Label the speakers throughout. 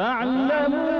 Speaker 1: فاعلموا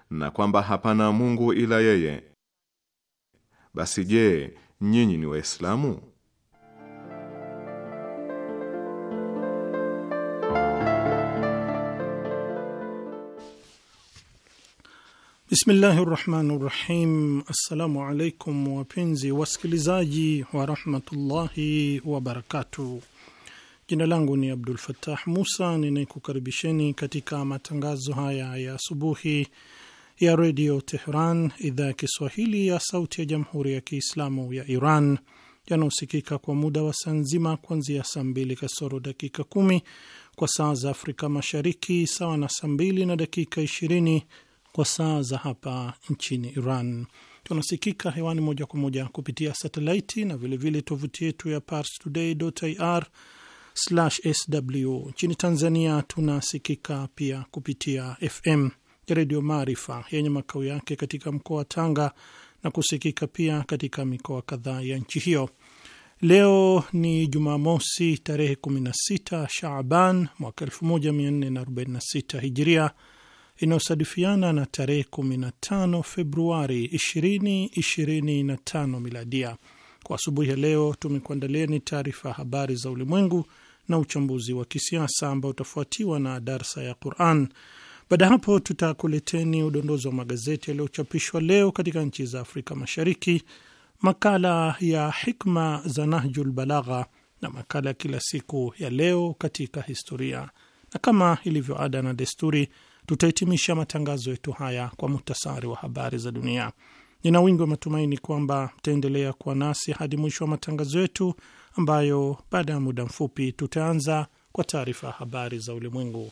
Speaker 2: na kwamba hapana Mungu ila yeye. Basi je, nyinyi ni Waislamu?
Speaker 3: Bismillahi rahmani rahim. Assalamu alaikum wapenzi wasikilizaji wa rahmatullahi wabarakatuh. Jina langu ni Abdul Fattah Musa ninakukaribisheni katika matangazo haya ya asubuhi ya redio Teheran, idhaa ya Kiswahili ya sauti ya jamhuri ya Kiislamu ya Iran yanaosikika kwa muda wa saa nzima kuanzia saa mbili kasoro dakika kumi kwa saa za Afrika Mashariki, sawa na saa mbili na dakika ishirini kwa saa za hapa nchini Iran. Tunasikika hewani moja kwa moja kupitia satelaiti na vilevile tovuti yetu ya parstoday.ir sw. Nchini Tanzania tunasikika pia kupitia FM Redio Maarifa yenye makao yake katika mkoa wa Tanga na kusikika pia katika mikoa kadhaa ya nchi hiyo. Leo ni Jumamosi tarehe 16 Shaaban mwaka 1446 Hijiria inayosadifiana na tarehe 15 Februari 2025 Miladia. Kwa asubuhi ya leo ni taarifa ya habari za ulimwengu na uchambuzi wa kisiasa ambao utafuatiwa na darsa ya Quran. Baada ya hapo, tutakuleteni udondozi wa magazeti yaliyochapishwa leo katika nchi za Afrika Mashariki, makala ya hikma za Nahjul Balagha na makala ya kila siku ya leo katika historia, na kama ilivyo ada na desturi, tutahitimisha matangazo yetu haya kwa muhtasari wa habari za dunia. Nina wingi wa matumaini kwamba mtaendelea kuwa nasi hadi mwisho wa matangazo yetu, ambayo baada ya muda mfupi tutaanza kwa taarifa ya habari za ulimwengu.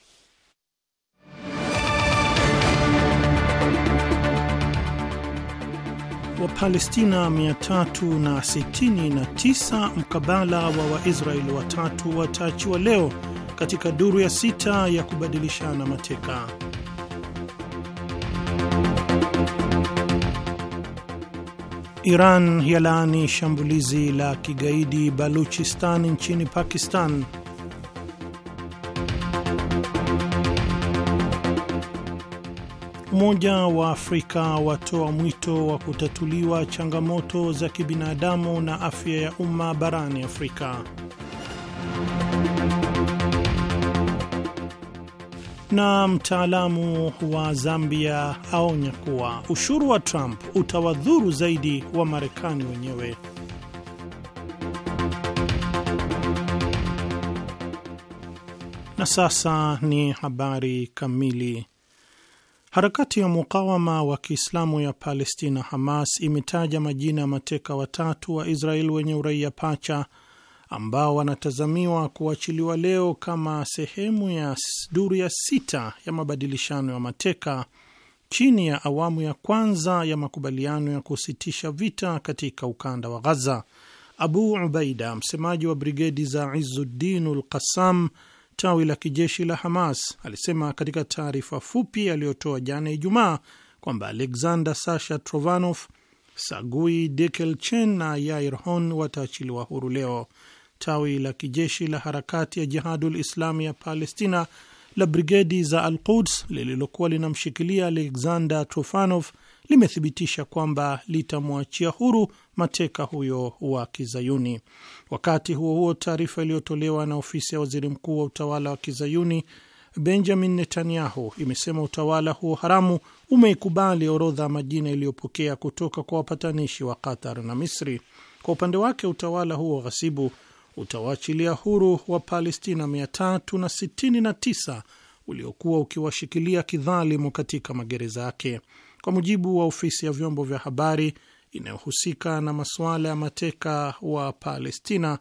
Speaker 3: Wapalestina 369 mkabala wa Waisraeli watatu wataachiwa leo katika duru ya sita ya kubadilishana mateka. Iran yalaani shambulizi la kigaidi Baluchistan nchini Pakistan. Umoja wa Afrika watoa mwito wa kutatuliwa changamoto za kibinadamu na afya ya umma barani Afrika. Na mtaalamu wa Zambia aonya kuwa ushuru wa Trump utawadhuru zaidi wa Marekani wenyewe. Na sasa ni habari kamili. Harakati ya mukawama wa Kiislamu ya Palestina, Hamas, imetaja majina ya mateka watatu wa Israel wenye uraia pacha ambao wanatazamiwa kuachiliwa leo kama sehemu ya duru ya sita ya mabadilishano ya mateka chini ya awamu ya kwanza ya makubaliano ya kusitisha vita katika ukanda wa Ghaza. Abu Ubaida, msemaji wa brigedi za Izuddin ul Qassam tawi la kijeshi la Hamas alisema katika taarifa fupi aliyotoa jana Ijumaa kwamba Alexander Sasha Trovanov, Sagui Dekelchen na Yair Hon wataachiliwa huru leo. Tawi la kijeshi la harakati ya Jihadul Islami ya Palestina la brigedi za Al Quds lililokuwa linamshikilia Alexander Trofanov limethibitisha kwamba litamwachia huru mateka huyo wa Kizayuni. Wakati huo huo, taarifa iliyotolewa na ofisi ya waziri mkuu wa utawala wa Kizayuni Benjamin Netanyahu imesema utawala huo haramu umeikubali orodha ya majina iliyopokea kutoka kwa wapatanishi wa Qatar na Misri. Kwa upande wake, utawala huo ghasibu utawaachilia huru wa Palestina 369 uliokuwa ukiwashikilia kidhalimu katika magereza yake. Kwa mujibu wa ofisi ya vyombo vya habari inayohusika na masuala ya mateka wa Palestina,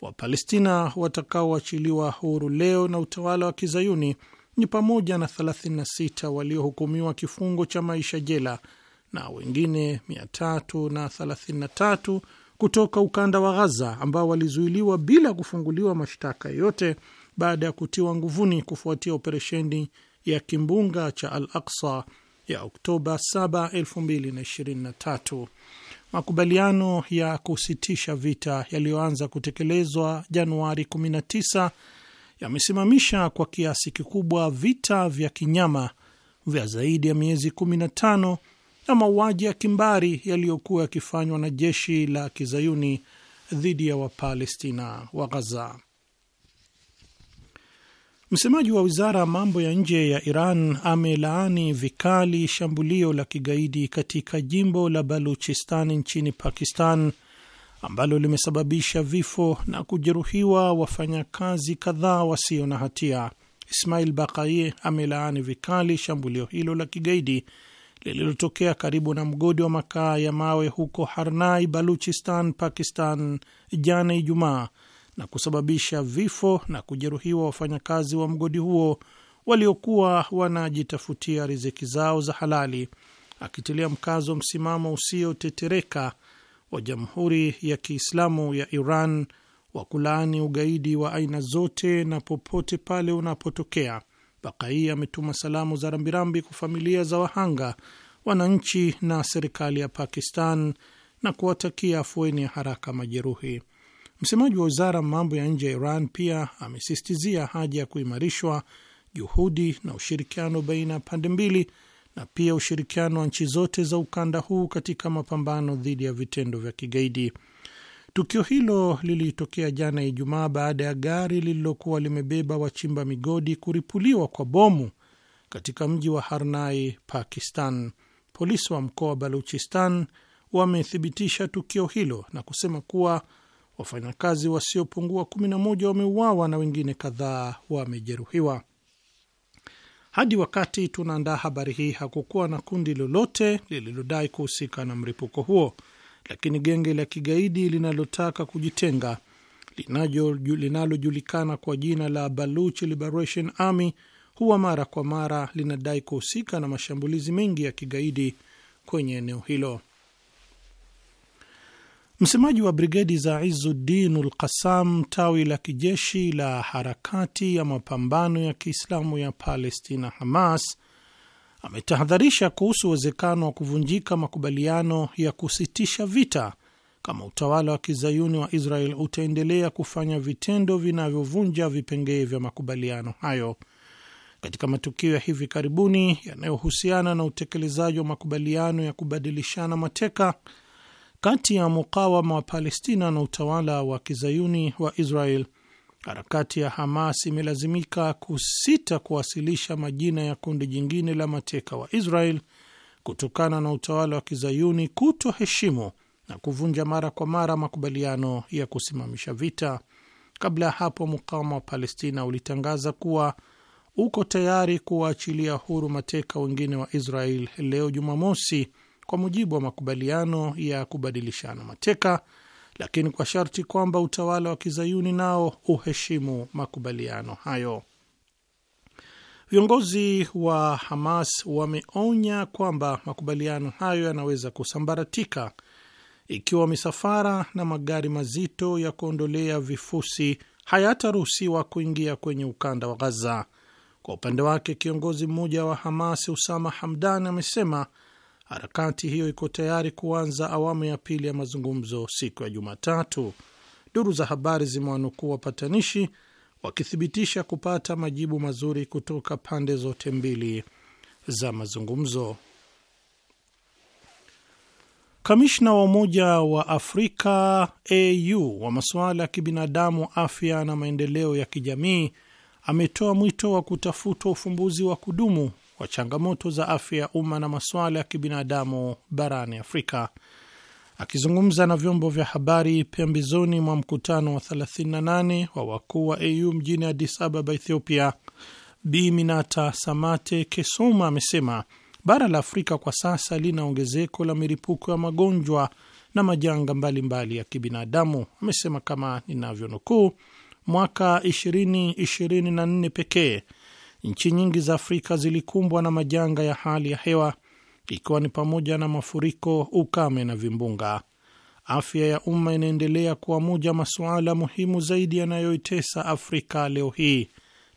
Speaker 3: Wapalestina watakaoachiliwa huru leo na utawala wa kizayuni ni pamoja na 36 waliohukumiwa kifungo cha maisha jela na wengine 333 kutoka ukanda wa Ghaza ambao walizuiliwa bila kufunguliwa mashtaka yoyote baada ya kutiwa nguvuni kufuatia operesheni ya kimbunga cha Al Aqsa ya Oktoba 7, 2023. Makubaliano ya kusitisha vita yaliyoanza kutekelezwa Januari 19 yamesimamisha kwa kiasi kikubwa vita vya kinyama vya zaidi ya miezi 15 na mauaji ya kimbari yaliyokuwa yakifanywa na jeshi la kizayuni dhidi ya Wapalestina wa Ghaza. Msemaji wa wizara ya mambo ya nje ya Iran amelaani vikali shambulio la kigaidi katika jimbo la Baluchistan nchini Pakistan ambalo limesababisha vifo na kujeruhiwa wafanyakazi kadhaa wasio na hatia. Ismail Bakaye amelaani vikali shambulio hilo la kigaidi lililotokea karibu na mgodi wa makaa ya mawe huko Harnai, Baluchistan, Pakistan jana Ijumaa na kusababisha vifo na kujeruhiwa wafanyakazi wa mgodi huo waliokuwa wanajitafutia riziki zao za halali, akitilia mkazo msimamo usiotetereka wa Jamhuri ya Kiislamu ya Iran wa kulaani ugaidi wa aina zote na popote pale unapotokea. Bakai ametuma salamu za rambirambi kwa familia za wahanga, wananchi na serikali ya Pakistan na kuwatakia afueni ya haraka majeruhi. Msemaji wa wizara mambo ya nje ya Iran pia amesistizia haja ya kuimarishwa juhudi na ushirikiano baina ya pande mbili na pia ushirikiano wa nchi zote za ukanda huu katika mapambano dhidi ya vitendo vya kigaidi. Tukio hilo lilitokea jana Ijumaa baada ya gari lililokuwa limebeba wachimba migodi kuripuliwa kwa bomu katika mji wa Harnai, Pakistan. Polisi wa mkoa wa Baluchistan wamethibitisha tukio hilo na kusema kuwa wafanyakazi wasiopungua 11 wameuawa na wengine kadhaa wamejeruhiwa. Hadi wakati tunaandaa habari hii, hakukuwa na kundi lolote lililodai kuhusika na mlipuko huo, lakini genge la kigaidi linalotaka kujitenga linalojulikana kwa jina la Baluch Liberation Army huwa mara kwa mara linadai kuhusika na mashambulizi mengi ya kigaidi kwenye eneo hilo. Msemaji wa brigedi za Izuddin Ulqassam, tawi la kijeshi la harakati ya mapambano ya Kiislamu ya Palestina, Hamas, ametahadharisha kuhusu uwezekano wa kuvunjika makubaliano ya kusitisha vita kama utawala wa kizayuni wa Israel utaendelea kufanya vitendo vinavyovunja vipengee vya makubaliano hayo. Katika matukio ya hivi karibuni yanayohusiana na utekelezaji wa makubaliano ya kubadilishana mateka kati ya mukawama wa Palestina na utawala wa kizayuni wa Israel, harakati ya Hamas imelazimika kusita kuwasilisha majina ya kundi jingine la mateka wa Israel kutokana na utawala wa kizayuni kutoheshimu na kuvunja mara kwa mara makubaliano ya kusimamisha vita. Kabla ya hapo, mukawama wa Palestina ulitangaza kuwa uko tayari kuwaachilia huru mateka wengine wa Israel leo Jumamosi kwa mujibu wa makubaliano ya kubadilishana mateka, lakini kwa sharti kwamba utawala wa kizayuni nao uheshimu makubaliano hayo. Viongozi wa Hamas wameonya kwamba makubaliano hayo yanaweza kusambaratika ikiwa misafara na magari mazito ya kuondolea vifusi hayataruhusiwa kuingia kwenye ukanda wa Gaza. Kwa upande wake, kiongozi mmoja wa Hamas Usama Hamdan amesema Harakati hiyo iko tayari kuanza awamu ya pili ya mazungumzo siku ya Jumatatu. Duru za habari zimewanukuu wapatanishi wakithibitisha kupata majibu mazuri kutoka pande zote mbili za mazungumzo. Kamishna wa Umoja wa Afrika AU wa masuala ya kibinadamu, afya na maendeleo ya kijamii ametoa mwito wa kutafutwa ufumbuzi wa kudumu wa changamoto za afya ya umma na masuala ya kibinadamu barani Afrika. Akizungumza na vyombo vya habari pembezoni mwa mkutano wa 38 wa wakuu wa AU mjini Addis Ababa, Ethiopia, Bi Minata Samate Kesuma amesema bara la Afrika kwa sasa lina ongezeko la milipuko ya magonjwa na majanga mbalimbali mbali ya kibinadamu. Amesema kama ninavyonukuu, mwaka 2024 pekee Nchi nyingi za Afrika zilikumbwa na majanga ya hali ya hewa ikiwa ni pamoja na mafuriko, ukame na vimbunga. Afya ya umma inaendelea kuwa moja masuala muhimu zaidi yanayoitesa Afrika leo hii,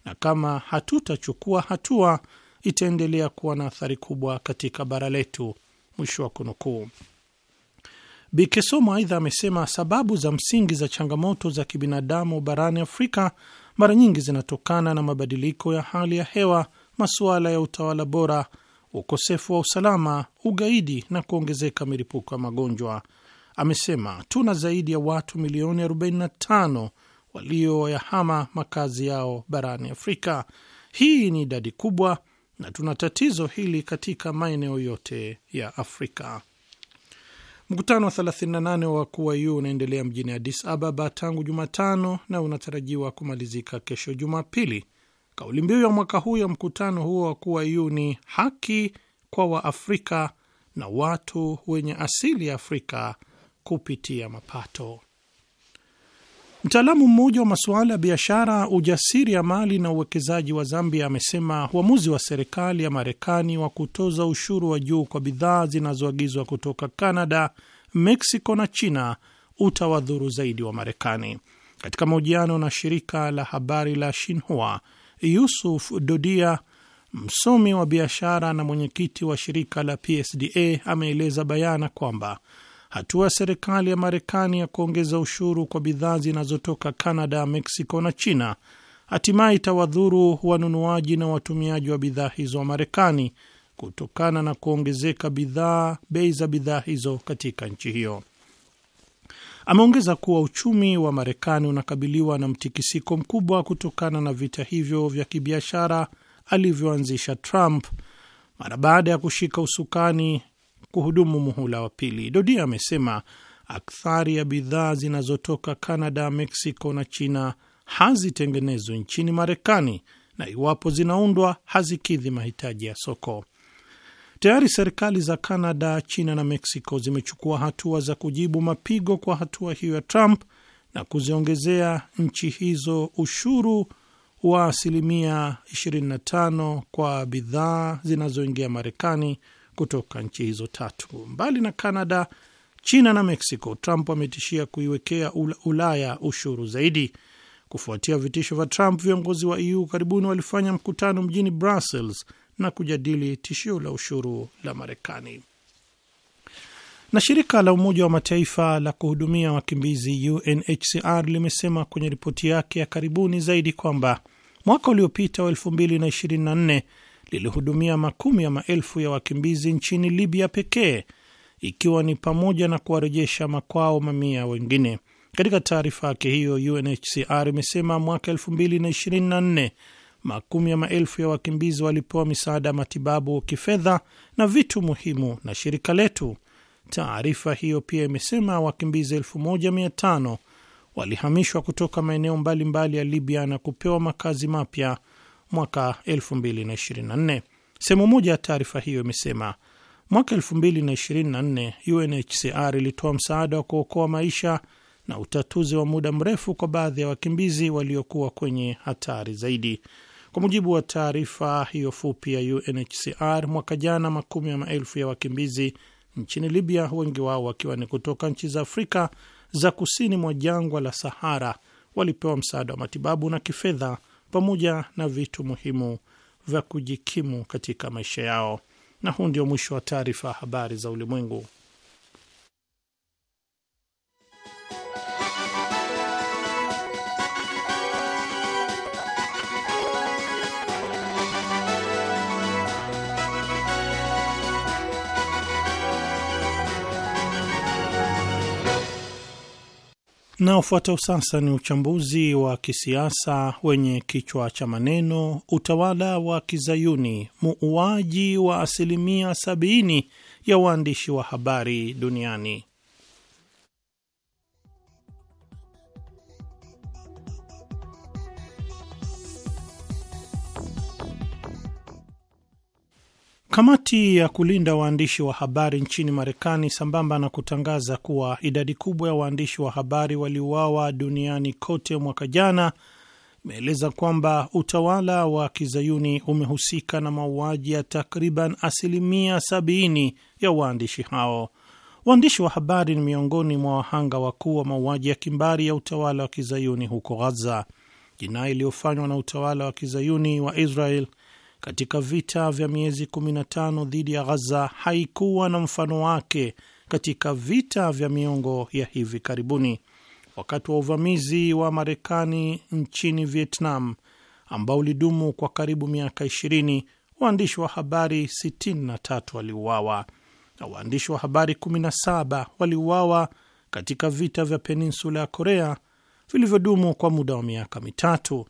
Speaker 3: na kama hatutachukua hatua itaendelea kuwa na athari kubwa katika bara letu. Mwisho wa kunukuu. Bikesomo aidha amesema sababu za msingi za changamoto za kibinadamu barani Afrika mara nyingi zinatokana na mabadiliko ya hali ya hewa, masuala ya utawala bora, ukosefu wa usalama, ugaidi na kuongezeka milipuko ya magonjwa. Amesema tuna zaidi ya watu milioni 45 walioyahama makazi yao barani Afrika. Hii ni idadi kubwa na tuna tatizo hili katika maeneo yote ya Afrika. Mkutano wa 38 wa wakuu wa EU unaendelea mjini Addis Ababa tangu Jumatano na unatarajiwa kumalizika kesho Jumapili. Kauli mbiu ya mwaka huu ya mkutano huo wa wakuu wa EU ni haki kwa Waafrika na watu wenye asili ya Afrika kupitia mapato. Mtaalamu mmoja wa masuala ya biashara, ujasiri ya mali na uwekezaji wa Zambia amesema uamuzi wa serikali ya Marekani wa kutoza ushuru wa juu kwa bidhaa zinazoagizwa kutoka Canada, Mexico na China utawadhuru zaidi wa Marekani. Katika mahojiano na shirika la habari la Shinhua, Yusuf Dodia, msomi wa biashara na mwenyekiti wa shirika la PSDA, ameeleza bayana kwamba hatua ya serikali ya Marekani ya kuongeza ushuru kwa bidhaa zinazotoka canada Mexico na China hatimaye itawadhuru wanunuaji na watumiaji wa bidhaa hizo wa Marekani kutokana na kuongezeka bidhaa bei za bidhaa hizo katika nchi hiyo. Ameongeza kuwa uchumi wa Marekani unakabiliwa na mtikisiko mkubwa kutokana na vita hivyo vya kibiashara alivyoanzisha Trump mara baada ya kushika usukani kuhudumu muhula wa pili. Dodia amesema akthari ya bidhaa zinazotoka Canada, Mexico na China hazitengenezwi nchini Marekani na iwapo zinaundwa hazikidhi mahitaji ya soko. Tayari serikali za Canada, China na Mexico zimechukua hatua za kujibu mapigo kwa hatua hiyo ya Trump na kuziongezea nchi hizo ushuru wa asilimia 25 kwa bidhaa zinazoingia Marekani kutoka nchi hizo tatu. Mbali na Canada, China na Mexico, Trump ametishia kuiwekea Ulaya ushuru zaidi. Kufuatia vitisho vya Trump, viongozi wa EU karibuni walifanya mkutano mjini Brussels na kujadili tishio la ushuru la Marekani. Na shirika la Umoja wa Mataifa la kuhudumia wakimbizi UNHCR limesema kwenye ripoti yake ya karibuni zaidi kwamba mwaka uliopita wa 2024 lilihudumia makumi ya maelfu ya wakimbizi nchini Libya pekee, ikiwa ni pamoja na kuwarejesha makwao mamia wengine. Katika taarifa yake hiyo, UNHCR imesema mwaka 2024 makumi ya maelfu ya wakimbizi walipewa misaada ya matibabu, kifedha na vitu muhimu na shirika letu. Taarifa hiyo pia imesema wakimbizi 1500 walihamishwa kutoka maeneo mbalimbali ya Libya na kupewa makazi mapya mwaka 2024. Sehemu moja ya taarifa hiyo imesema mwaka 2024 UNHCR ilitoa msaada wa kuokoa maisha na utatuzi wa muda mrefu kwa baadhi ya wakimbizi waliokuwa kwenye hatari zaidi. Kwa mujibu wa taarifa hiyo fupi ya UNHCR, mwaka jana makumi ya maelfu ya wakimbizi nchini Libya, wengi wao wakiwa ni kutoka nchi za Afrika za kusini mwa jangwa la Sahara, walipewa msaada wa matibabu na kifedha pamoja na vitu muhimu vya kujikimu katika maisha yao. Na huu ndio mwisho wa taarifa ya habari za ulimwengu. Na ufuatao sasa ni uchambuzi wa kisiasa wenye kichwa cha maneno utawala wa kizayuni muuaji wa asilimia 7b0 ya waandishi wa habari duniani. Kamati ya kulinda waandishi wa habari nchini Marekani, sambamba na kutangaza kuwa idadi kubwa ya waandishi wa habari waliuawa duniani kote mwaka jana, imeeleza kwamba utawala wa kizayuni umehusika na mauaji ya takriban asilimia 70 ya waandishi hao. Waandishi wa habari ni miongoni mwa wahanga wakuu wa mauaji ya kimbari ya utawala wa kizayuni huko Ghaza, jinai iliyofanywa na utawala wa kizayuni wa Israel katika vita vya miezi 15 dhidi ya Ghaza haikuwa na mfano wake katika vita vya miongo ya hivi karibuni wakati wa uvamizi wa Marekani nchini Vietnam ambao ulidumu kwa karibu miaka 20. Waandishi wa habari 63 waliuawa na waandishi wa habari 17 waliuawa katika vita vya peninsula ya Korea vilivyodumu kwa muda wa miaka mitatu.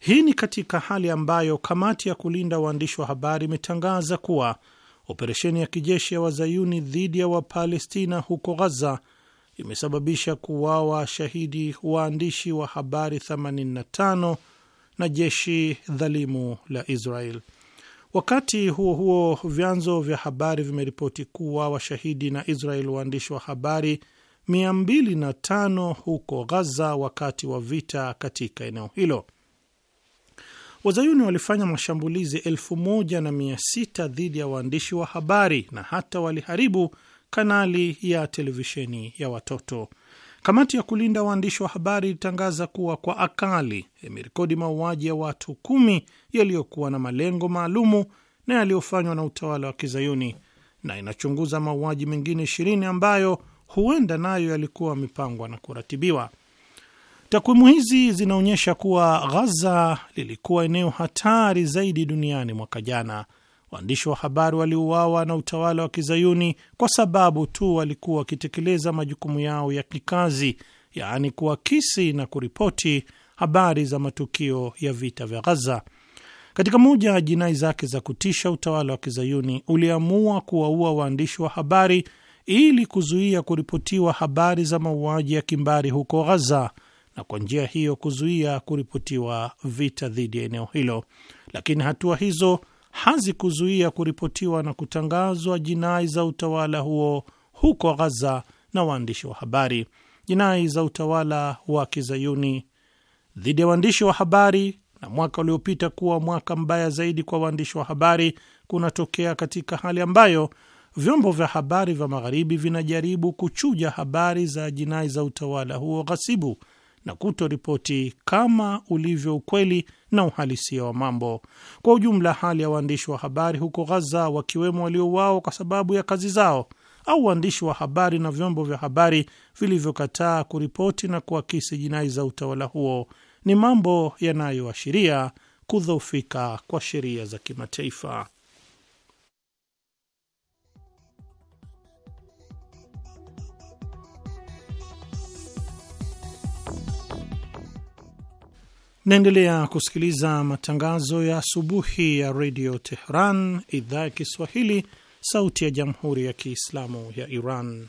Speaker 3: Hii ni katika hali ambayo kamati ya kulinda waandishi wa habari imetangaza kuwa operesheni ya kijeshi ya wazayuni dhidi ya Wapalestina huko Ghaza imesababisha kuuawa shahidi waandishi wa habari 85 na jeshi dhalimu la Israel. Wakati huo huo, vyanzo vya habari vimeripoti kuwa washahidi na Israel waandishi wa habari 205 huko Ghaza wakati wa vita katika eneo hilo. Wazayuni walifanya mashambulizi elfu moja na mia sita dhidi ya waandishi wa habari na hata waliharibu kanali ya televisheni ya watoto. Kamati ya kulinda waandishi wa habari ilitangaza kuwa kwa akali imerekodi mauaji ya watu kumi yaliyokuwa na malengo maalumu na yaliyofanywa na utawala wa Kizayuni, na inachunguza mauaji mengine ishirini ambayo huenda nayo yalikuwa yamepangwa na kuratibiwa. Takwimu hizi zinaonyesha kuwa Ghaza lilikuwa eneo hatari zaidi duniani mwaka jana. Waandishi wa habari waliuawa na utawala wa kizayuni kwa sababu tu walikuwa wakitekeleza majukumu yao ya kikazi, yaani kuakisi na kuripoti habari za matukio ya vita vya Ghaza. Katika moja ya jinai zake za kutisha, utawala wa kizayuni uliamua kuwaua waandishi wa habari ili kuzuia kuripotiwa habari za mauaji ya kimbari huko Ghaza na kwa njia hiyo kuzuia kuripotiwa vita dhidi ya eneo hilo, lakini hatua hizo hazikuzuia kuripotiwa na kutangazwa jinai za utawala huo huko Ghaza na waandishi wa habari. Jinai za utawala wa kizayuni dhidi ya waandishi wa habari na mwaka uliopita kuwa mwaka mbaya zaidi kwa waandishi wa habari kunatokea katika hali ambayo vyombo vya habari vya magharibi vinajaribu kuchuja habari za jinai za utawala huo ghasibu na kutoripoti kama ulivyo ukweli na uhalisia wa mambo. Kwa ujumla, hali ya waandishi wa habari huko Ghaza, wakiwemo waliouawa kwa sababu ya kazi zao au waandishi wa habari na vyombo vya habari vilivyokataa kuripoti na kuakisi jinai za utawala huo, ni mambo yanayoashiria kudhoofika kwa sheria za kimataifa. Naendelea kusikiliza matangazo ya asubuhi ya redio Tehran, idhaa ya Kiswahili, sauti ya jamhuri ya kiislamu ya Iran.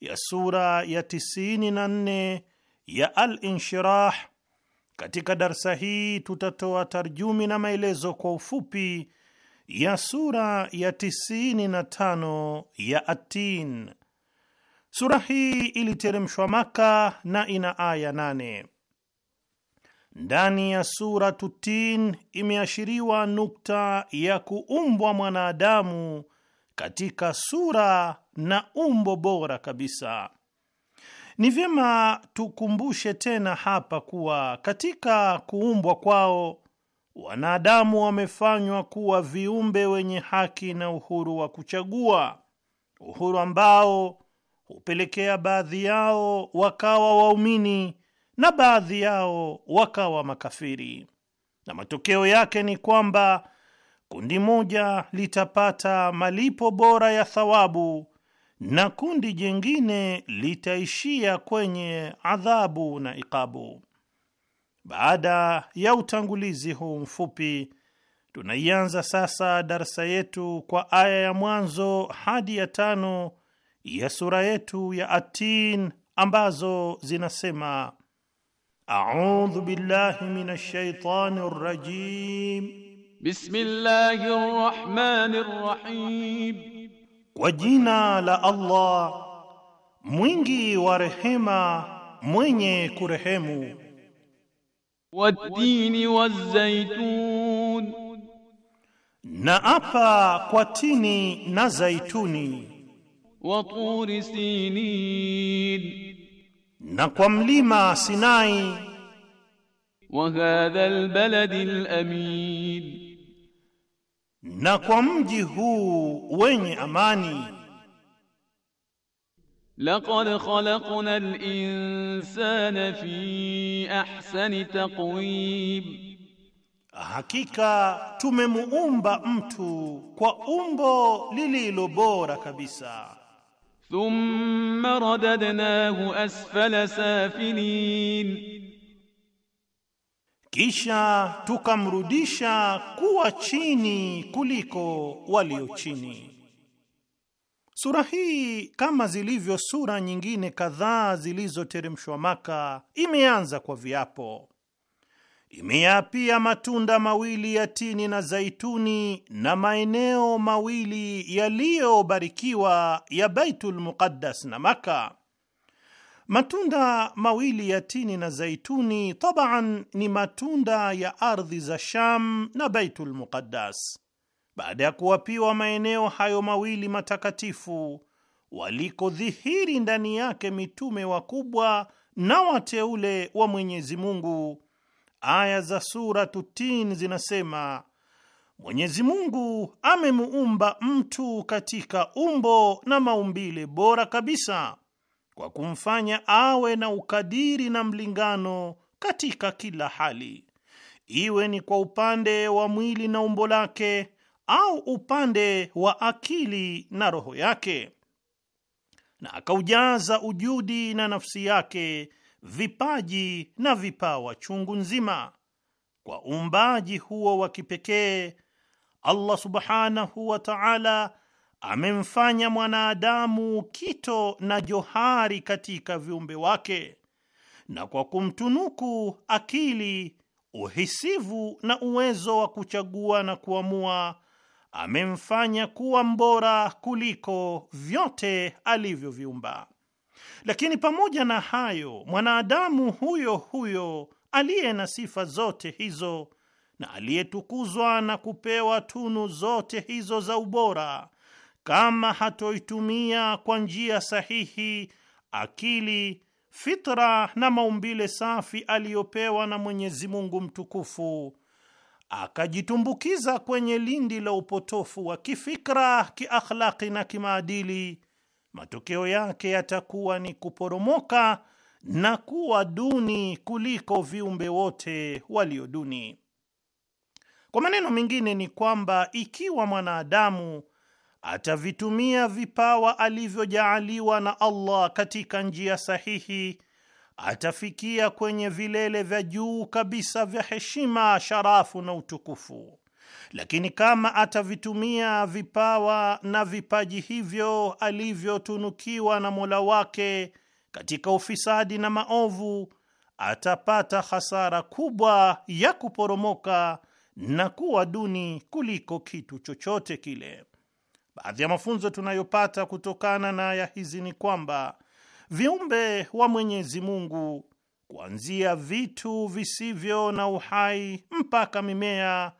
Speaker 3: ya sura ya 94 ya Al-Inshirah. Katika darsa hii tutatoa tarjumi na maelezo kwa ufupi ya sura ya 95 ya Atin. Sura hii iliteremshwa Maka na ina aya nane. Ndani ya sura tutin imeashiriwa nukta ya kuumbwa mwanadamu katika sura na umbo bora kabisa. Ni vyema tukumbushe tena hapa kuwa katika kuumbwa kwao wanadamu wamefanywa kuwa viumbe wenye haki na uhuru wa kuchagua, uhuru ambao hupelekea baadhi yao wakawa waumini na baadhi yao wakawa makafiri, na matokeo yake ni kwamba kundi moja litapata malipo bora ya thawabu na kundi jingine litaishia kwenye adhabu na iqabu Baada ya utangulizi huu mfupi, tunaianza sasa darsa yetu kwa aya ya mwanzo hadi ya tano ya sura yetu ya Atin ambazo zinasema: audhu billahi minash shaitani rajim, bismillahir rahmanir rahim kwa jina la Allah mwingi wa rehema, mwenye kurehemu. Watini wa na apa kwa tini na zaituni. Wa sinin, na kwa mlima Sinai. Wa hadha albaladi alamin na kwa mji huu wenye amani.
Speaker 1: Laqad khalaqna al-insana fi ahsani taqwim,
Speaker 3: hakika tumemuumba mtu kwa umbo lililo bora kabisa. Thumma radadnahu asfala safilin kisha tukamrudisha kuwa chini kuliko walio chini. Sura hii kama zilivyo sura nyingine kadhaa zilizoteremshwa Maka, imeanza kwa viapo. imeyapia matunda mawili ya tini na zaituni na maeneo mawili yaliyobarikiwa ya Baitul Muqaddas na Maka Matunda mawili ya tini na zaituni tabaan ni matunda ya ardhi za Sham na Baitul Muqaddas. Baada ya kuwapiwa maeneo hayo mawili matakatifu, walikodhihiri ndani yake mitume wakubwa na wateule wa Mwenyezi Mungu, aya za Suratu Tin zinasema Mwenyezi Mungu amemuumba mtu katika umbo na maumbile bora kabisa kwa kumfanya awe na ukadiri na mlingano katika kila hali, iwe ni kwa upande wa mwili na umbo lake au upande wa akili na roho yake, na akaujaza ujudi na nafsi yake vipaji na vipawa chungu nzima. Kwa uumbaji huo wa kipekee, Allah subhanahu wa ta'ala amemfanya mwanadamu kito na johari katika viumbe wake, na kwa kumtunuku akili, uhisivu na uwezo wa kuchagua na kuamua, amemfanya kuwa mbora kuliko vyote alivyoviumba. Lakini pamoja na hayo, mwanadamu huyo huyo aliye na sifa zote hizo na aliyetukuzwa na kupewa tunu zote hizo za ubora kama hatoitumia kwa njia sahihi akili, fitra na maumbile safi aliyopewa na Mwenyezi Mungu mtukufu, akajitumbukiza kwenye lindi la upotofu wa kifikra, kiakhlaki na kimaadili, matokeo yake yatakuwa ni kuporomoka na kuwa duni kuliko viumbe wote walio duni. Kwa maneno mengine, ni kwamba ikiwa mwanadamu atavitumia vipawa alivyojaaliwa na Allah katika njia sahihi, atafikia kwenye vilele vya juu kabisa vya heshima, sharafu na utukufu. Lakini kama atavitumia vipawa na vipaji hivyo alivyotunukiwa na Mola wake katika ufisadi na maovu, atapata hasara kubwa ya kuporomoka na kuwa duni kuliko kitu chochote kile. Baadhi ya mafunzo tunayopata kutokana na aya hizi ni kwamba viumbe wa Mwenyezi Mungu, kuanzia vitu visivyo na uhai mpaka mimea,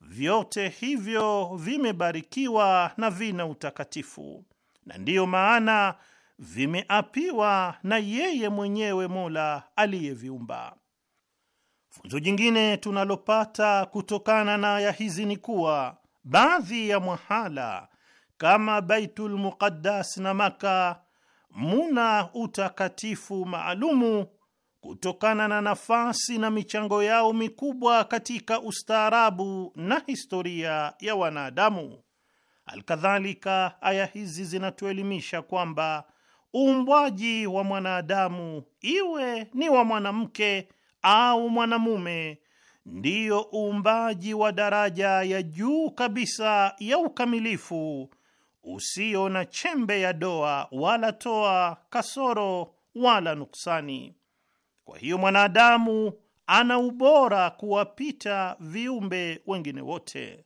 Speaker 3: vyote hivyo vimebarikiwa na vina utakatifu, na ndiyo maana vimeapiwa na yeye mwenyewe Mola aliyeviumba. Funzo jingine tunalopata kutokana na aya hizi ni kuwa baadhi ya mwahala kama Baitul Muqaddas na Maka muna utakatifu maalumu kutokana na nafasi na michango yao mikubwa katika ustaarabu na historia ya wanadamu. Alkadhalika, aya hizi zinatuelimisha kwamba uumbwaji wa mwanadamu, iwe ni wa mwanamke au mwanamume, ndiyo uumbaji wa daraja ya juu kabisa ya ukamilifu usio na chembe ya doa wala toa kasoro wala nuksani. Kwa hiyo mwanadamu ana ubora kuwapita viumbe wengine wote,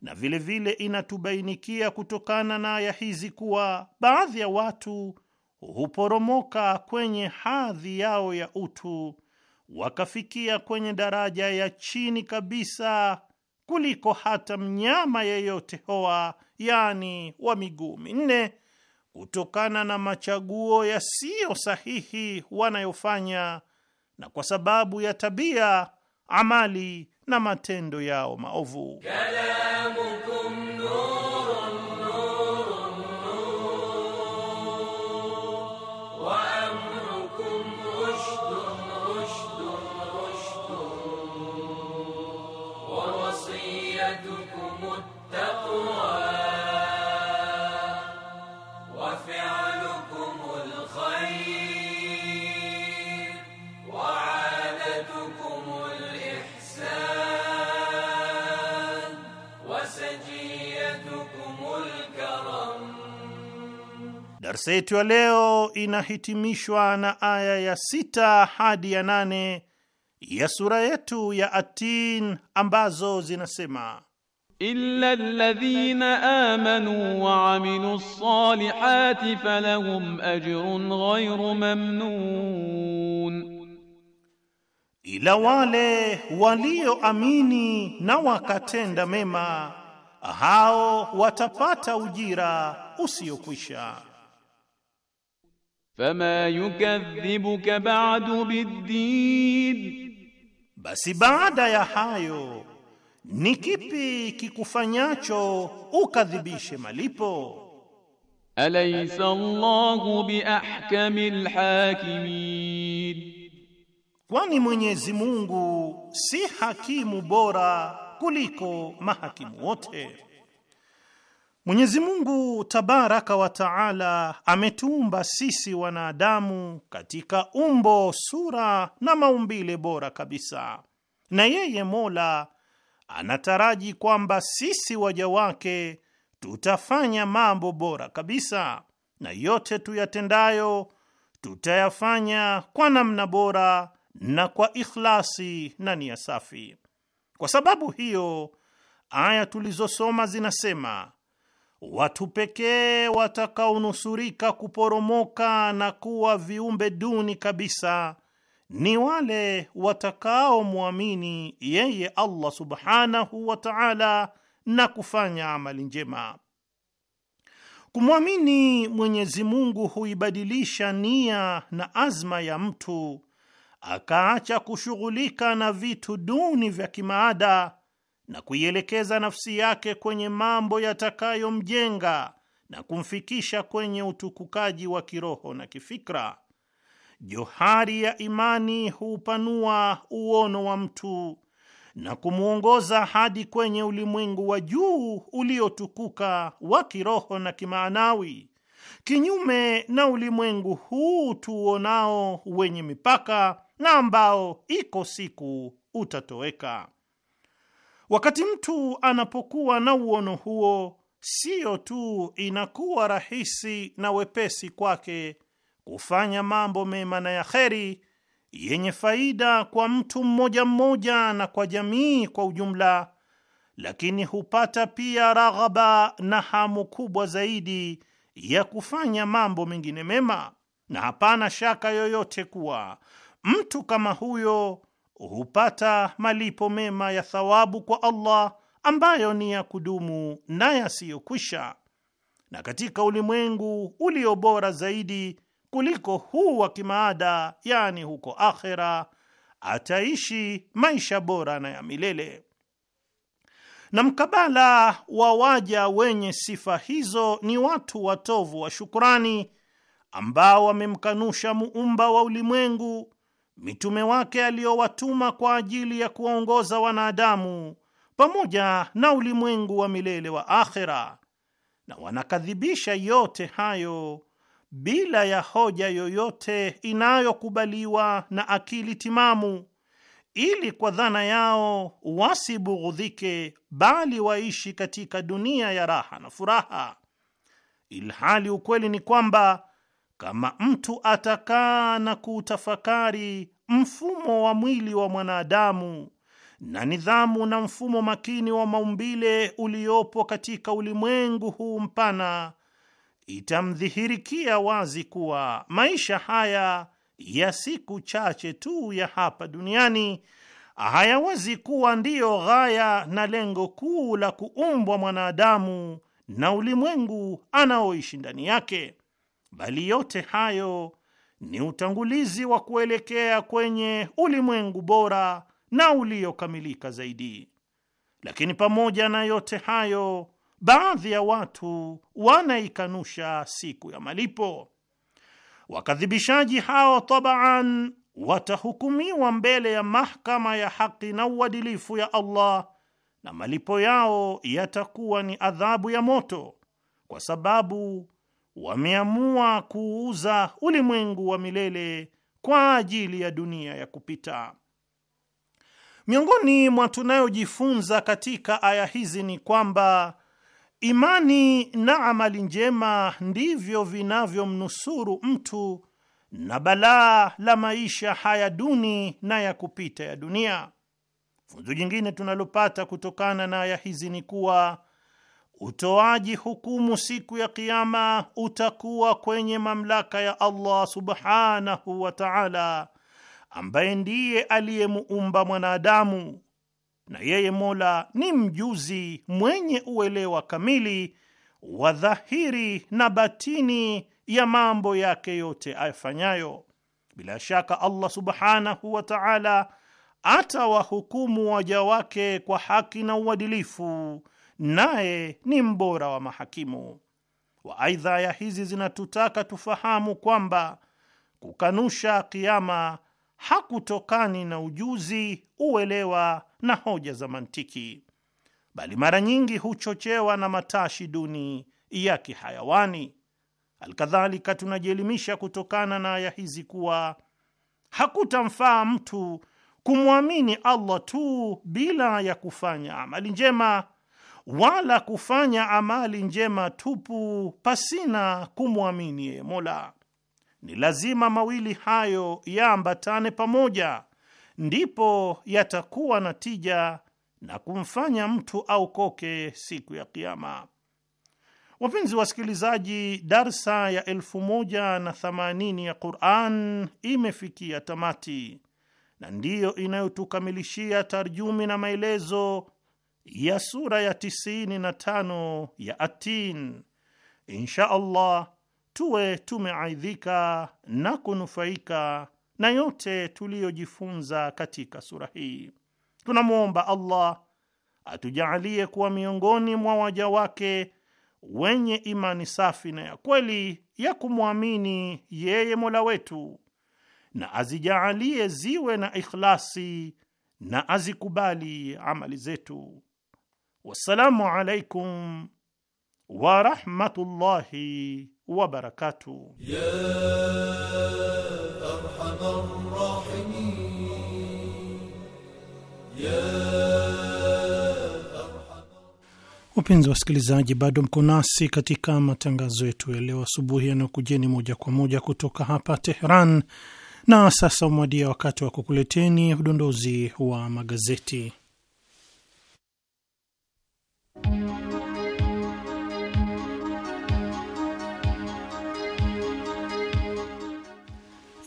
Speaker 3: na vilevile vile inatubainikia kutokana na aya hizi kuwa baadhi ya watu huporomoka kwenye hadhi yao ya utu wakafikia kwenye daraja ya chini kabisa kuliko hata mnyama yeyote hoa yaani wa miguu minne, kutokana na machaguo yasiyo sahihi wanayofanya na kwa sababu ya tabia, amali na matendo yao maovu. Kalamu. Darsa yetu ya leo inahitimishwa na aya ya sita hadi ya nane ya sura yetu ya Atin ambazo zinasema illa alladhina amanu
Speaker 1: wa amilu ssalihati falahum ajrun ghayru
Speaker 3: mamnun, ila wale walioamini na wakatenda mema hao watapata ujira usiokwisha.
Speaker 1: Fama yukadhibuka
Speaker 3: ba'du biddin, basi baada ya hayo ni kipi kikufanyacho ukadhibishe malipo? Alaysa Allahu ahkamil hakimin, kwani Mwenyezi Mungu si hakimu bora kuliko mahakimu wote. Mwenyezi Mungu tabaraka wa taala ametuumba sisi wanadamu katika umbo, sura na maumbile bora kabisa, na yeye Mola anataraji kwamba sisi waja wake tutafanya mambo bora kabisa, na yote tuyatendayo tutayafanya kwa namna bora na kwa ikhlasi na nia safi. Kwa sababu hiyo, aya tulizosoma zinasema watu pekee watakaonusurika kuporomoka na kuwa viumbe duni kabisa ni wale watakaomwamini yeye Allah subhanahu wa ta'ala na kufanya amali njema. Kumwamini Mwenyezi Mungu huibadilisha nia na azma ya mtu, akaacha kushughulika na vitu duni vya kimaada na kuielekeza nafsi yake kwenye mambo yatakayomjenga na kumfikisha kwenye utukukaji wa kiroho na kifikra. Johari ya imani huupanua uono wa mtu na kumwongoza hadi kwenye ulimwengu wa juu uliotukuka wa kiroho na kimaanawi, kinyume na ulimwengu huu tuuonao wenye mipaka na ambao iko siku utatoweka. Wakati mtu anapokuwa na uono huo, siyo tu inakuwa rahisi na wepesi kwake kufanya mambo mema na ya kheri yenye faida kwa mtu mmoja mmoja na kwa jamii kwa ujumla, lakini hupata pia raghaba na hamu kubwa zaidi ya kufanya mambo mengine mema, na hapana shaka yoyote kuwa mtu kama huyo hupata malipo mema ya thawabu kwa Allah ambayo ni ya kudumu na yasiyokwisha, na katika ulimwengu ulio bora zaidi kuliko huu wa kimaada, yani huko akhera, ataishi maisha bora na ya milele. Na mkabala wa waja wenye sifa hizo ni watu watovu wa shukrani ambao wamemkanusha muumba wa ulimwengu mitume wake aliyowatuma kwa ajili ya kuwaongoza wanadamu pamoja na ulimwengu wa milele wa akhera, na wanakadhibisha yote hayo bila ya hoja yoyote inayokubaliwa na akili timamu, ili kwa dhana yao wasibughudhike, bali waishi katika dunia ya raha na furaha, ilhali ukweli ni kwamba kama mtu atakaa na kuutafakari mfumo wa mwili wa mwanadamu na nidhamu na mfumo makini wa maumbile uliopo katika ulimwengu huu mpana, itamdhihirikia wazi kuwa maisha haya ya siku chache tu ya hapa duniani hayawezi kuwa ndiyo ghaya na lengo kuu la kuumbwa mwanadamu na ulimwengu anaoishi ndani yake bali yote hayo ni utangulizi wa kuelekea kwenye ulimwengu bora na uliokamilika zaidi. Lakini pamoja na yote hayo, baadhi ya watu wanaikanusha siku ya malipo. Wakadhibishaji hao tabaan watahukumiwa mbele ya mahkama ya haki na uadilifu ya Allah, na malipo yao yatakuwa ni adhabu ya moto, kwa sababu wameamua kuuza ulimwengu wa milele kwa ajili ya dunia ya kupita. Miongoni mwa tunayojifunza katika aya hizi ni kwamba imani na amali njema ndivyo vinavyomnusuru mtu na balaa la maisha haya duni na ya kupita ya dunia. Funzo jingine tunalopata kutokana na aya hizi ni kuwa utoaji hukumu siku ya Kiama utakuwa kwenye mamlaka ya Allah subhanahu wa taala, ambaye ndiye aliyemuumba mwanadamu, na yeye Mola ni mjuzi mwenye uelewa kamili wa dhahiri na batini ya mambo yake yote ayafanyayo. Bila shaka Allah subhanahu wa taala atawahukumu waja wake kwa haki na uadilifu naye ni mbora wa mahakimu. Waaidha, aya hizi zinatutaka tufahamu kwamba kukanusha kiama hakutokani na ujuzi, uelewa na hoja za mantiki, bali mara nyingi huchochewa na matashi duni ya kihayawani. Alkadhalika, tunajielimisha kutokana na aya hizi kuwa hakutamfaa mtu kumwamini Allah tu bila ya kufanya amali njema wala kufanya amali njema tupu pasina kumwamini yeye Mola. Ni lazima mawili hayo yaambatane pamoja, ndipo yatakuwa na tija na kumfanya mtu aokoke siku ya Kiama. Wapenzi wasikilizaji, darsa ya elfu moja na thamanini ya Quran imefikia tamati na ndiyo inayotukamilishia tarjumi na maelezo ya sura ya 95 ya Atin. Insha Allah tuwe tumeaidhika na kunufaika na yote tuliyojifunza katika sura hii. Tunamwomba Allah atujaalie kuwa miongoni mwa waja wake wenye imani safi na ya kweli ya kumwamini yeye Mola wetu, na azijaalie ziwe na ikhlasi na azikubali amali zetu. Wassalamu alaikum warahmatullahi wabarakatuh. Wapenzi wa wasikilizaji, bado mko nasi katika matangazo yetu ya leo asubuhi yanayokujeni moja kwa moja kutoka hapa Tehran, na sasa umewadia wakati wa kukuleteni udondozi wa magazeti.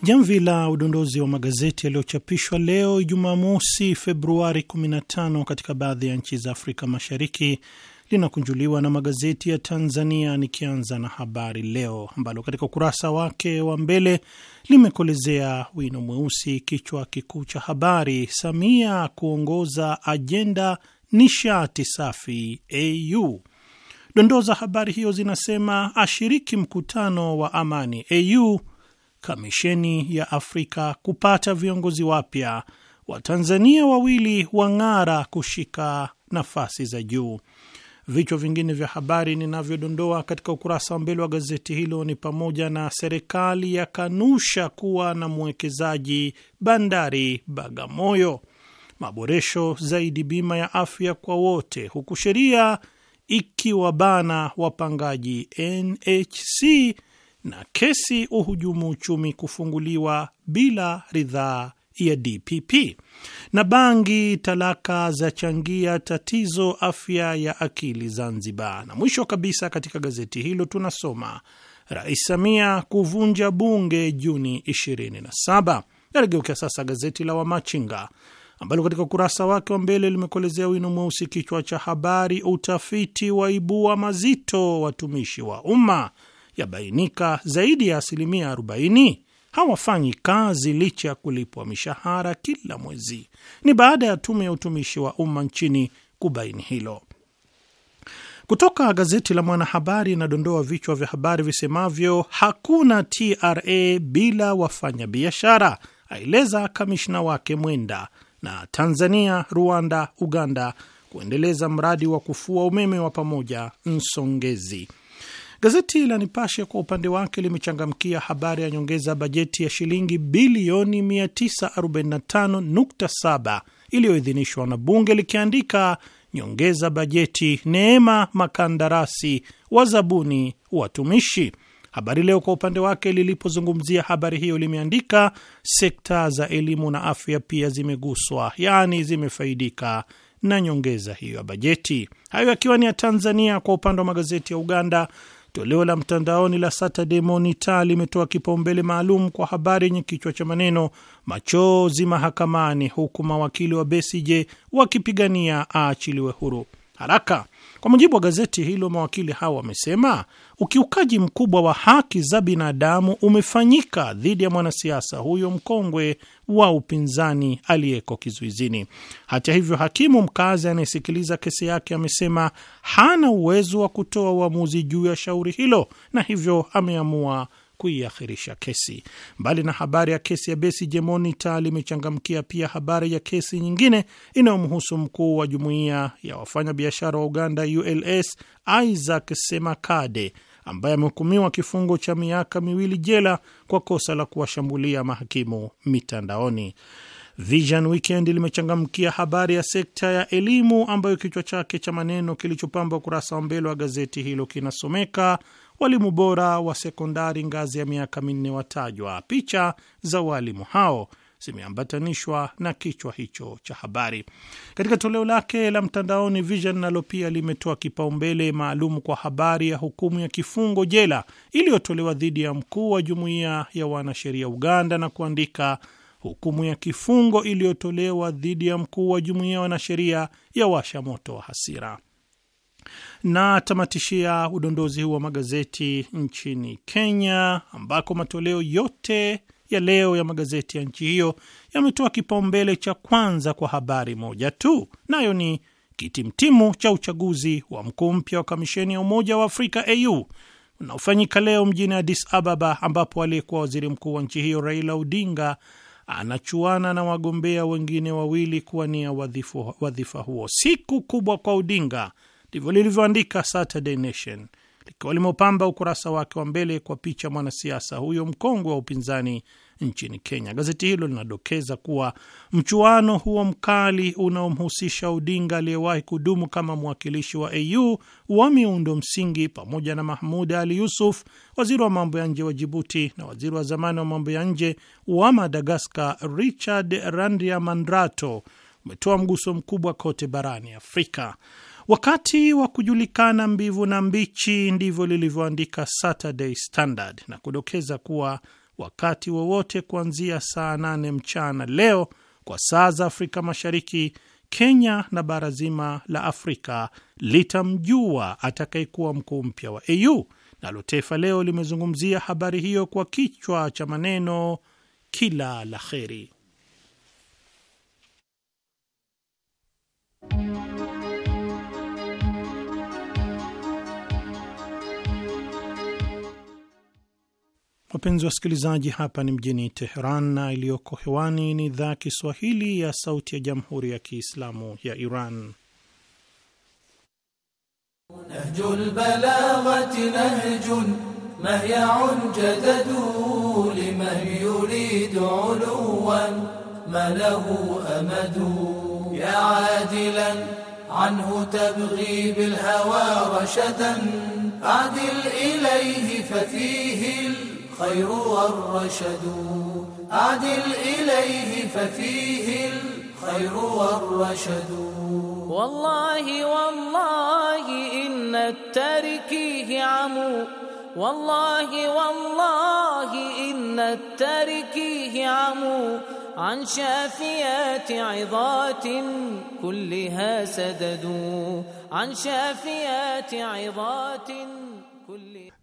Speaker 3: Jamvi la udondozi wa magazeti yaliyochapishwa leo Jumamosi, Februari 15 katika baadhi ya nchi za Afrika Mashariki linakunjuliwa na magazeti ya Tanzania, nikianza na Habari Leo ambalo katika ukurasa wake wa mbele limekolezea wino mweusi kichwa kikuu cha habari, Samia kuongoza ajenda nishati safi au. Dondoo za habari hiyo zinasema ashiriki mkutano wa amani au, kamisheni ya Afrika kupata viongozi wapya, Watanzania wawili wang'ara kushika nafasi za juu. Vichwa vingine vya habari ninavyodondoa katika ukurasa wa mbele wa gazeti hilo ni pamoja na serikali yakanusha kuwa na mwekezaji bandari Bagamoyo, maboresho zaidi bima ya afya kwa wote, huku sheria ikiwabana wapangaji NHC na kesi uhujumu uchumi kufunguliwa bila ridhaa ya DPP. Na bangi talaka za changia tatizo afya ya akili Zanzibar. Na mwisho kabisa katika gazeti hilo tunasoma Rais Samia kuvunja bunge Juni 27. Naligeukia sasa gazeti la Wamachinga ambalo katika ukurasa wake wa mbele limekolezea wino mweusi kichwa cha habari, utafiti waibua mazito, watumishi wa umma yabainika zaidi ya asilimia 40 hawafanyi kazi licha ya kulipwa mishahara kila mwezi. Ni baada ya tume ya utumishi wa umma nchini kubaini hilo. Kutoka gazeti la Mwanahabari inadondoa vichwa vya habari visemavyo: hakuna TRA bila wafanyabiashara, aeleza kamishna wake Mwenda na Tanzania, Rwanda, Uganda kuendeleza mradi wa kufua umeme wa pamoja Nsongezi. Gazeti la Nipashe kwa upande wake limechangamkia habari ya nyongeza bajeti ya shilingi bilioni 945.7 iliyoidhinishwa na bunge likiandika, nyongeza bajeti neema makandarasi wa zabuni watumishi Habari Leo kwa upande wake lilipozungumzia habari hiyo limeandika sekta za elimu na afya pia zimeguswa, yaani zimefaidika na nyongeza hiyo ya bajeti. Hayo akiwa ni ya Tanzania. Kwa upande wa magazeti ya Uganda, toleo la mtandaoni la Saturday Monitor limetoa kipaumbele maalum kwa habari yenye kichwa cha maneno machozi mahakamani, huku mawakili wa Besigye wakipigania aachiliwe huru haraka. Kwa mujibu wa gazeti hilo, mawakili hao wamesema ukiukaji mkubwa wa haki za binadamu umefanyika dhidi ya mwanasiasa huyo mkongwe wa upinzani aliyeko kizuizini. Hata hivyo, hakimu mkazi anayesikiliza kesi yake amesema hana uwezo wa kutoa uamuzi juu ya shauri hilo na hivyo ameamua kuiakhirisha kesi. Mbali na habari ya kesi ya Besigye, jemonita limechangamkia pia habari ya kesi nyingine inayomhusu mkuu wa jumuiya ya wafanyabiashara wa Uganda ULS Isaac Semakade ambaye amehukumiwa kifungo cha miaka miwili jela kwa kosa la kuwashambulia mahakimu mitandaoni. Vision Weekend limechangamkia habari ya sekta ya elimu ambayo kichwa chake cha maneno kilichopamba ukurasa wa mbele wa gazeti hilo kinasomeka walimu bora wa sekondari ngazi ya miaka minne watajwa. Picha za walimu hao zimeambatanishwa na kichwa hicho cha habari katika toleo lake la mtandaoni. Vision nalo pia limetoa kipaumbele maalum kwa habari ya hukumu ya kifungo jela iliyotolewa dhidi ya mkuu wa jumuiya ya wanasheria Uganda na kuandika hukumu ya kifungo iliyotolewa dhidi ya mkuu wa jumuiya ya wanasheria ya washa moto wa hasira na tamatishia udondozi huu wa magazeti nchini Kenya, ambako matoleo yote ya leo ya magazeti ya nchi hiyo yametoa kipaumbele cha kwanza kwa habari moja tu, nayo ni kitimtimu cha uchaguzi wa mkuu mpya wa kamisheni ya Umoja wa Afrika AU unaofanyika leo mjini Addis Ababa, ambapo aliyekuwa waziri mkuu wa nchi hiyo Raila Odinga anachuana na wagombea wengine wawili kuwania wadhifa huo. Siku kubwa kwa Odinga ndivyo lilivyoandika Saturday Nation likiwa limeupamba ukurasa wake wa mbele kwa picha mwanasiasa huyo mkongwe wa upinzani nchini Kenya. Gazeti hilo linadokeza kuwa mchuano huo mkali unaomhusisha Odinga aliyewahi kudumu kama mwakilishi wa AU wa miundo msingi pamoja na Mahmud Ali Yusuf, waziri wa mambo ya nje wa Jibuti, na waziri wa zamani wa mambo ya nje wa Madagaskar Richard Randriamandrato umetoa mguso mkubwa kote barani Afrika. Wakati wa kujulikana mbivu na mbichi, ndivyo lilivyoandika Saturday Standard na kudokeza kuwa wakati wowote wa kuanzia saa nane mchana leo kwa saa za Afrika Mashariki, Kenya na bara zima la Afrika litamjua atakayekuwa mkuu mpya wa AU. Nalo Taifa Leo limezungumzia habari hiyo kwa kichwa cha maneno kila la heri. Wapenzi wasikilizaji, hapa ni mjini Teheran na iliyoko hewani ni idhaa Kiswahili ya Sauti ya Jamhuri ya Kiislamu ya Iran.
Speaker 1: الخير والرشد أعدل إليه ففيه الخير والرشد والله والله إن التركيه عمو والله والله إن التركيه عمو عن شافيات عظات كلها سدد عن شافيات عظات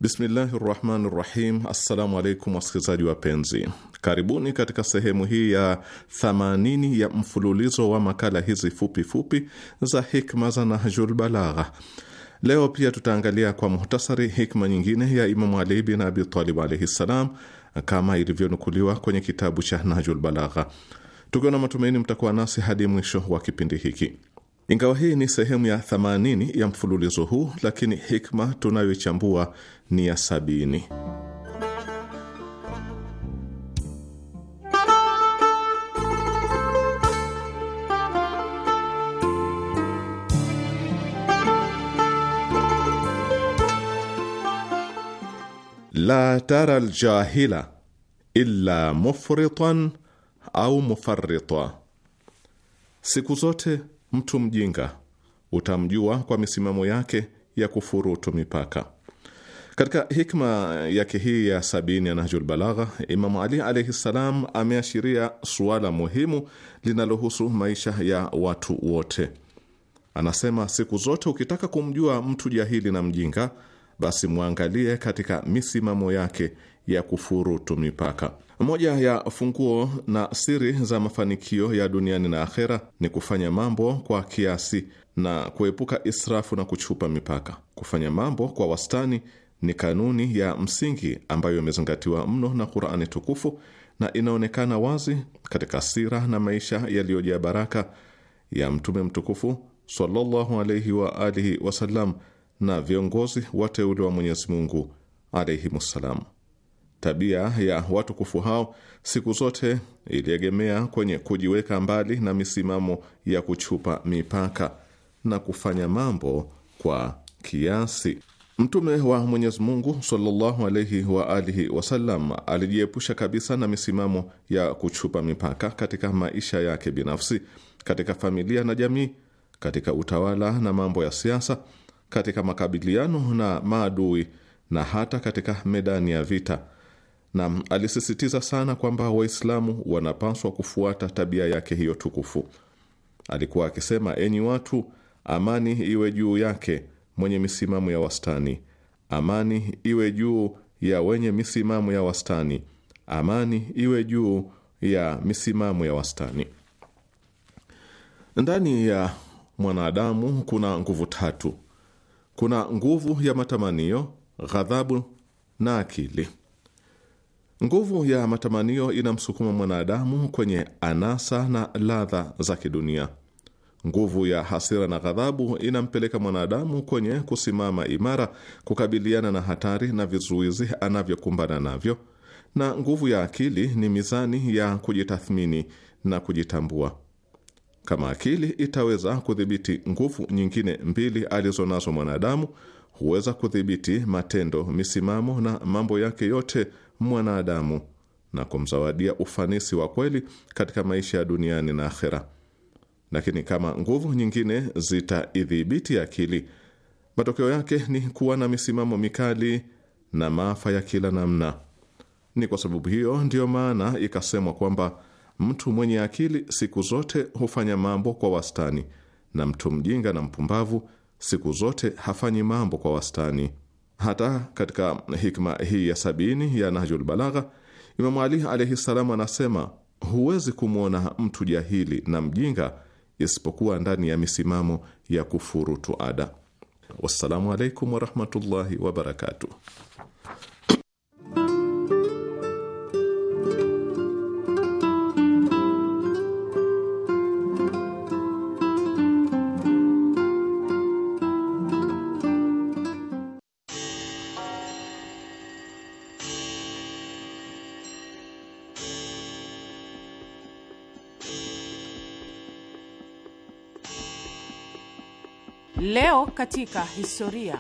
Speaker 2: Bismillahi rahmani rahim. Assalamu alaikum wasikilizaji wapenzi, karibuni katika sehemu hii ya 80 ya mfululizo wa makala hizi fupi fupi za hikma za Nahjul Balagha. Leo pia tutaangalia kwa muhtasari hikma nyingine ya Imamu Ali bin Abi Talib alaihi ssalam, kama ilivyonukuliwa kwenye kitabu cha Nahjul Balagha, tukiwa na matumaini mtakuwa nasi hadi mwisho wa kipindi hiki. Ingawa hii ni sehemu ya 80 ya mfululizo huu, lakini hikma tunayoichambua ni ya sabini. La tara ljahila illa mufritan au mufarita siku zote Mtu mjinga utamjua kwa misimamo yake ya kufurutu mipaka. Katika hikma yake hii ya sabini ya Nahjul Balagha, Imamu Ali alaihi ssalam ameashiria suala muhimu linalohusu maisha ya watu wote. Anasema, siku zote ukitaka kumjua mtu jahili na mjinga, basi mwangalie katika misimamo yake ya kufurutu mipaka. Moja ya funguo na siri za mafanikio ya duniani na akhera ni kufanya mambo kwa kiasi na kuepuka israfu na kuchupa mipaka. Kufanya mambo kwa wastani ni kanuni ya msingi ambayo imezingatiwa mno na Qur'ani tukufu na inaonekana wazi katika sira na maisha yaliyojaa baraka ya Mtume mtukufu sallallahu alayhi wa alihi wasallam na viongozi wateule wa Mwenyezi Mungu Tabia ya watukufu hao siku zote iliegemea kwenye kujiweka mbali na misimamo ya kuchupa mipaka na kufanya mambo kwa kiasi. Mtume wa Mwenyezi Mungu sallallahu alaihi wa alihi wasallam alijiepusha kabisa na misimamo ya kuchupa mipaka katika maisha yake binafsi, katika familia na jamii, katika utawala na mambo ya siasa, katika makabiliano na maadui na hata katika medani ya vita na alisisitiza sana kwamba Waislamu wanapaswa kufuata tabia yake hiyo tukufu. Alikuwa akisema, enyi watu, amani iwe juu yake mwenye misimamo ya wastani, amani iwe juu ya wenye misimamo ya wastani, amani iwe juu ya misimamo ya wastani. Ndani ya mwanadamu kuna nguvu tatu: kuna nguvu ya matamanio, ghadhabu na akili. Nguvu ya matamanio inamsukuma mwanadamu kwenye anasa na ladha za kidunia. Nguvu ya hasira na ghadhabu inampeleka mwanadamu kwenye kusimama imara kukabiliana na hatari na vizuizi anavyokumbana navyo, na nguvu ya akili ni mizani ya kujitathmini na kujitambua. Kama akili itaweza kudhibiti nguvu nyingine mbili alizonazo mwanadamu, huweza kudhibiti matendo, misimamo na mambo yake yote mwanadamu na kumzawadia ufanisi wa kweli katika maisha ya duniani na akhera. Lakini kama nguvu nyingine zitaidhibiti akili, matokeo yake ni kuwa na misimamo mikali na maafa ya kila namna. Ni kwa sababu hiyo ndiyo maana ikasemwa kwamba mtu mwenye akili siku zote hufanya mambo kwa wastani, na mtu mjinga na mpumbavu siku zote hafanyi mambo kwa wastani. Hata katika hikma hii ya sabini ya Nahjul Balagha, Imamu Ali alaihi ssalam anasema huwezi kumwona mtu jahili na mjinga isipokuwa ndani ya misimamo ya kufurutu ada. Wassalamu alaikum warahmatullahi wabarakatuh.
Speaker 1: katika historia.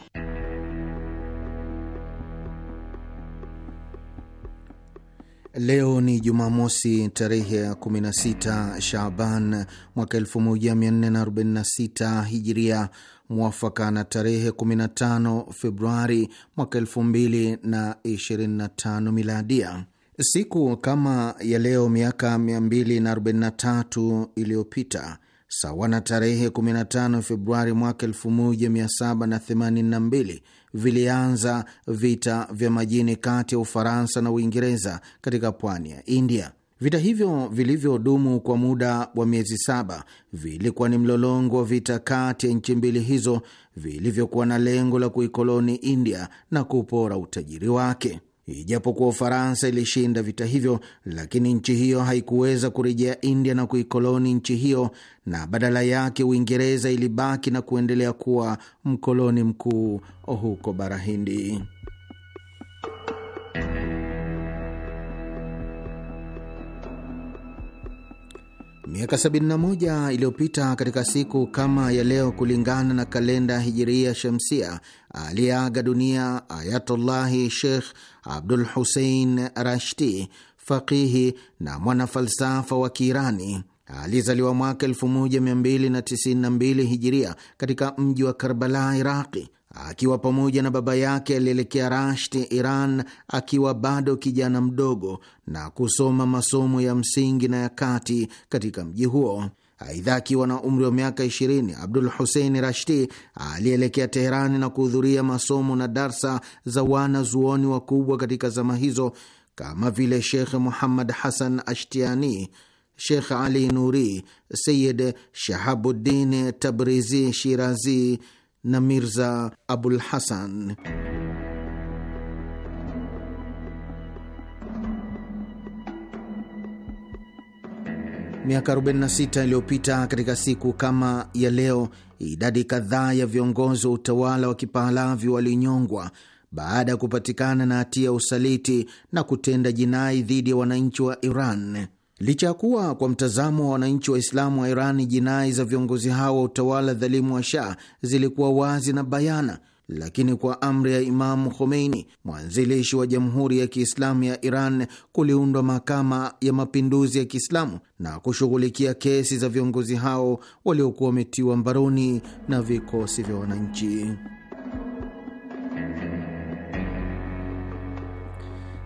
Speaker 4: Leo ni Jumamosi tarehe ya 16 Shaban mwaka 1446 Hijiria, mwafaka na tarehe 15 Februari mwaka 2025 Miladia. Siku kama ya leo miaka 243 iliyopita sawa na tarehe 15 Februari mwaka 1782 vilianza vita vya majini kati ya Ufaransa na Uingereza katika pwani ya India. Vita hivyo vilivyodumu kwa muda wa miezi saba vilikuwa ni mlolongo wa vita kati ya nchi mbili hizo vilivyokuwa na lengo la kuikoloni India na kupora utajiri wake. Ijapokuwa Ufaransa ilishinda vita hivyo, lakini nchi hiyo haikuweza kurejea India na kuikoloni nchi hiyo, na badala yake Uingereza ilibaki na kuendelea kuwa mkoloni mkuu huko bara Hindi. Miaka 71 iliyopita katika siku kama ya leo, kulingana na kalenda hijiria shamsia, aliaga dunia Ayatullahi Sheikh Abdul Husein Rashti, faqihi na mwanafalsafa wa Kiirani. Alizaliwa mwaka 1292 hijiria katika mji wa Karbala, Iraqi akiwa pamoja na baba yake alielekea Rashti, Iran, akiwa bado kijana mdogo na kusoma masomo ya msingi na ya kati katika mji huo. Aidha, akiwa na umri wa miaka 20 Abdul Husein Rashti alielekea Teherani na kuhudhuria masomo na darsa za wanazuoni wakubwa katika zama hizo kama vile Shekh Muhammad Hasan Ashtiani, Shekh Ali Nuri, Sayid Shahabuddin Tabrizi Shirazi na Mirza Abul Hasan. Miaka 46 iliyopita katika siku kama ya leo, idadi kadhaa ya viongozi wa utawala wa kipahalavi walinyongwa baada ya kupatikana na hatia ya usaliti na kutenda jinai dhidi ya wananchi wa Iran. Licha ya kuwa kwa mtazamo wa wananchi Waislamu wa Irani jinai za viongozi hao wa utawala dhalimu wa Shah zilikuwa wazi na bayana, lakini kwa amri ya Imamu Khomeini, mwanzilishi wa Jamhuri ya Kiislamu ya Iran, kuliundwa Mahakama ya Mapinduzi ya Kiislamu na kushughulikia kesi za viongozi hao waliokuwa wametiwa mbaroni na vikosi vya wananchi.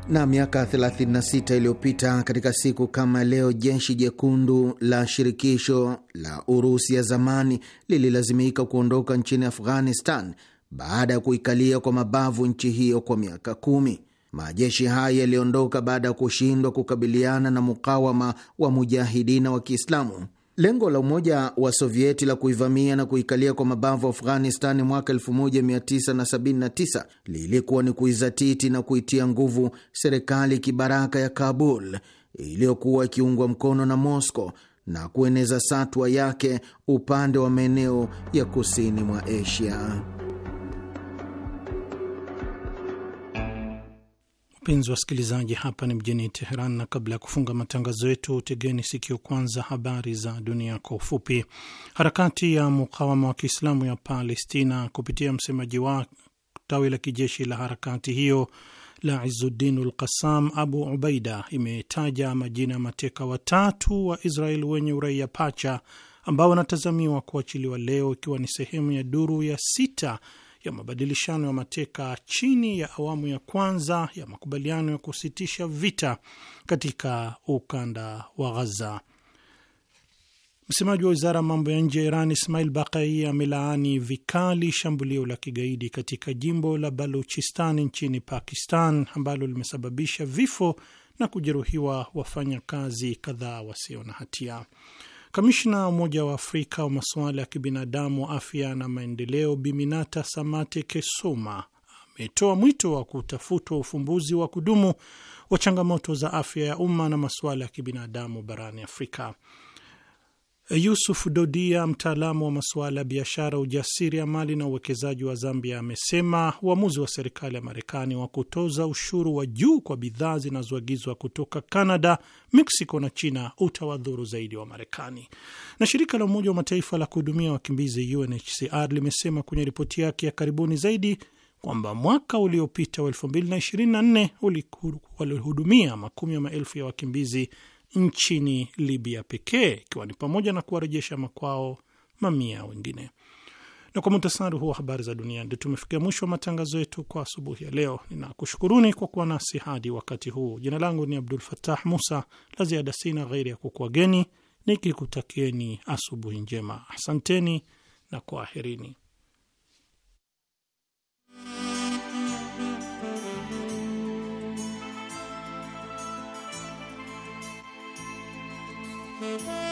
Speaker 4: Na miaka 36 iliyopita katika siku kama leo, jeshi jekundu la shirikisho la Urusi ya zamani lililazimika kuondoka nchini Afghanistan baada ya kuikalia kwa mabavu nchi hiyo kwa miaka kumi. Majeshi haya yaliondoka baada ya kushindwa kukabiliana na mukawama wa mujahidina wa Kiislamu. Lengo la Umoja wa Sovieti la kuivamia na kuikalia kwa mabavu Afghanistani mwaka 1979 lilikuwa ni kuizatiti na kuitia nguvu serikali kibaraka ya Kabul iliyokuwa ikiungwa mkono na Moscow na kueneza satwa yake upande wa maeneo ya kusini mwa Asia.
Speaker 3: Wapenzi wasikilizaji, hapa ni mjini Teheran, na kabla ya kufunga matangazo yetu, tegeni sikio kwanza habari za dunia kwa ufupi. Harakati ya mukawama wa Kiislamu ya Palestina kupitia msemaji wa tawi la kijeshi la harakati hiyo la Izuddin ul Qassam Abu Ubaida imetaja majina ya mateka watatu wa Israel wenye uraia pacha ambao wanatazamiwa kuachiliwa leo, ikiwa ni sehemu ya duru ya sita ya mabadilishano ya mateka chini ya awamu ya kwanza ya makubaliano ya kusitisha vita katika ukanda wa Ghaza. Msemaji wa wizara ya mambo ya nje ya Iran Ismail Bakai amelaani vikali shambulio la kigaidi katika jimbo la Baluchistan nchini Pakistan ambalo limesababisha vifo na kujeruhiwa wafanyakazi kadhaa wasio na hatia. Kamishna wa Umoja wa Afrika wa masuala ya kibinadamu, afya na maendeleo, Biminata Samate kesuma ametoa mwito wa kutafutwa ufumbuzi wa kudumu wa changamoto za afya ya umma na masuala ya kibinadamu barani Afrika. Yusuf Dodia, mtaalamu wa masuala ya biashara, ujasiri ya mali na uwekezaji wa Zambia, amesema uamuzi wa serikali ya Marekani wa kutoza ushuru wa juu kwa bidhaa zinazoagizwa kutoka Canada, Mexico na China utawadhuru zaidi wa Marekani. Na shirika la Umoja wa Mataifa la kuhudumia wakimbizi UNHCR limesema kwenye ripoti yake ya karibuni zaidi kwamba mwaka uliopita wa 2024 walihudumia makumi ya maelfu ya wakimbizi nchini Libya pekee, ikiwa ni pamoja na kuwarejesha makwao mamia wengine. Na kwa muhtasari huo habari za dunia, ndio tumefikia mwisho wa matangazo yetu kwa asubuhi ya leo. Ninakushukuruni kwa kuwa nasi hadi wakati huu. Jina langu ni Abdul fatah Musa. La ziada sina ghairi ya kukuageni nikikutakieni asubuhi njema. Asanteni na kwaherini.
Speaker 5: Música